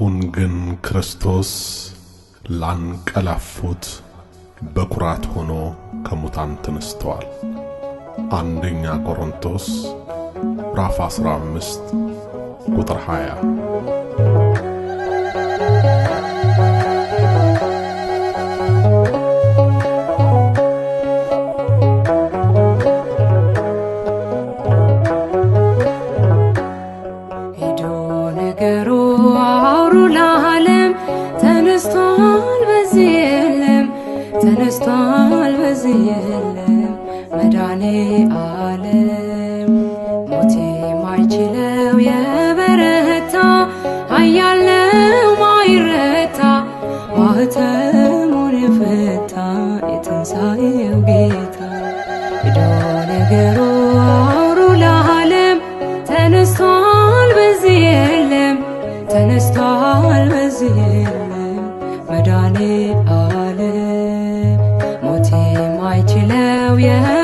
አሁን ግን ክርስቶስ ላንቀላፉት በኩራት ሆኖ ከሙታን ተነስተዋል። አንደኛ ቆሮንቶስ ራፍ 15 ቁጥር 20 የለም መዳኔ አለም ሞቴ ማይችለው የበረታ አያለው ማይረታ ማኅተሙን የፈታ የትንሣኤው ጌታ ሄዶ ነገሩ አውሩ ለዓለም ተነስቷል በዚህ የለም ተነስቷል በዚህ የለም መድኃኔ yeah.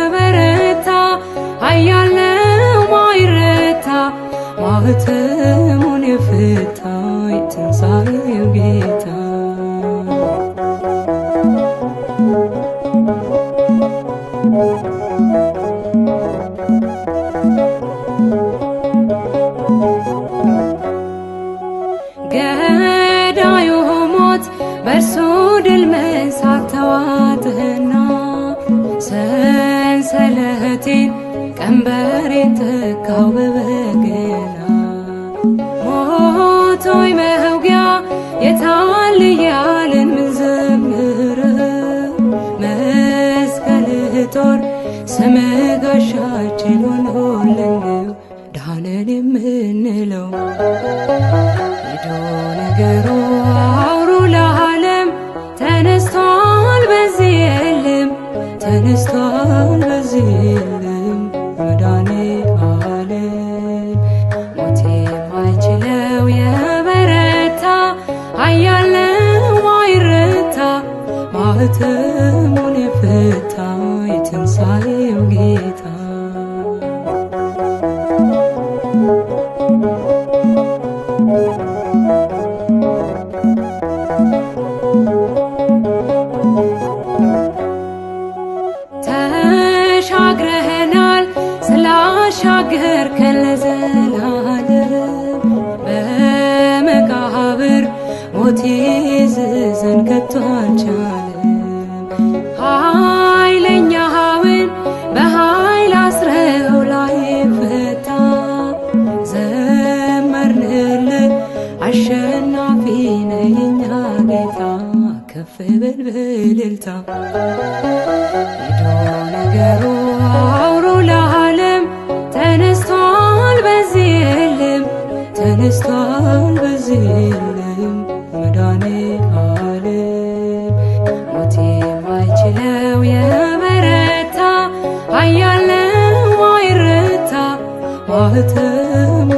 ችግሬን ቀንበሬን ተካው በበገና ሞቶይ መውጊያ የታል እያልን ምንዘምረው መስቀልህ ጦር ስምህ ጋሻችን ሆኖልን ዳነን የምንለው ሄዶ ነገሩ አውሩ ለዓለም ተነስቷል በዚህ የለም ተነስቷል መዳኔ መድኃኔዓለም ሞት ማይችለው የበረታ አያለ ነው ማይረታ ማኅተሙን የፈታ የትንሣኤው ጌታ ዘመን በእልልታ ሄዶ ነገሩ አውሮ ለዓለም ተነስቷል በዚህ የለም ተነስቷል በዚህ የለም መዳኔ ዓለም ሞት የማይችለው የበረታ አያለው አይረታ ማህተም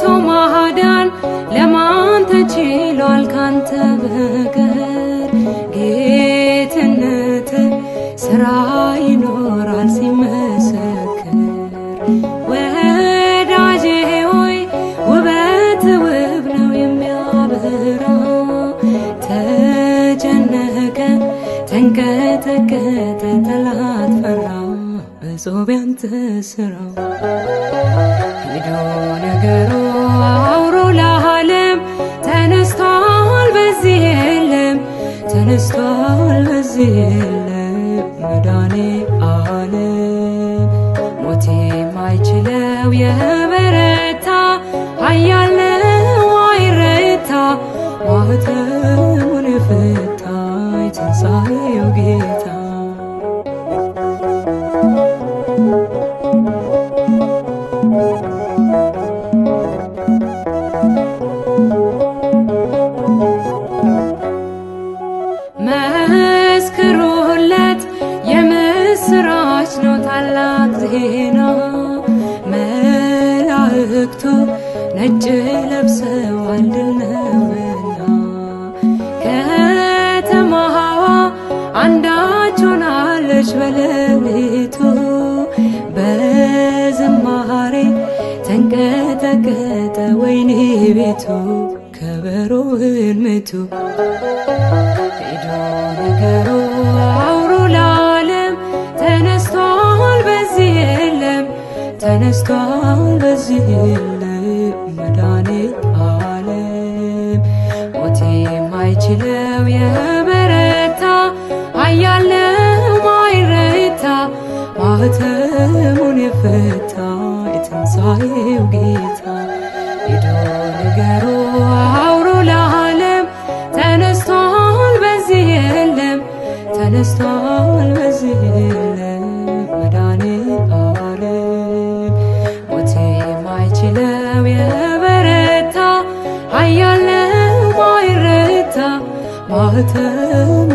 ሰርቶ ማዳን ለማን ተችሏል ካንተ በቀር ጌትነት ስራ ይኖራል ሲመሰክር ወዳጄ ሆይ ውበት ውብ ነው የሚያበራ ተጨነቀ ተንቀጠቀጠ ጠላት ፈራው በጾም ያንተ ስራው ሄዶ ነገሩ አውሮ ለዓለም ተነስቷል በዚህ የለም ተነስቷል በዚህ የለም መዳኔ ዓለም ሞት የማይችለው የበረታ አያለው አይረታ ማህተሙን የፈታ የትንሣኤው ጌታ መስክሩለት የምስራች ነው ታላቅ ዜና መላእክቱ ነጭ ለብሰው አንድል ነውና ከተማዋ አንዳች ሆናለች በለን ተንቀጠቀጠ ወይኔ ቤቱ ከበሮ ህልምቱ ሄዶ ነገሩ አውሮ ለዓለም ተነስቷል በዚህ የለም ተነስቷል በዚህ የለም መድኃኔ ዓለም ሞቴ የማይችለው የ የጸባዬው ጌታ ሄዶ ንገሩ አውሩ ለዓለም ተነስቷል፣ በዚህ የለም ተነስቷል፣ በዚህ የለም መድኃኒተ ዓለም ሞት የማይችለው የበረታ ኃያል ማይረታ ማኅተም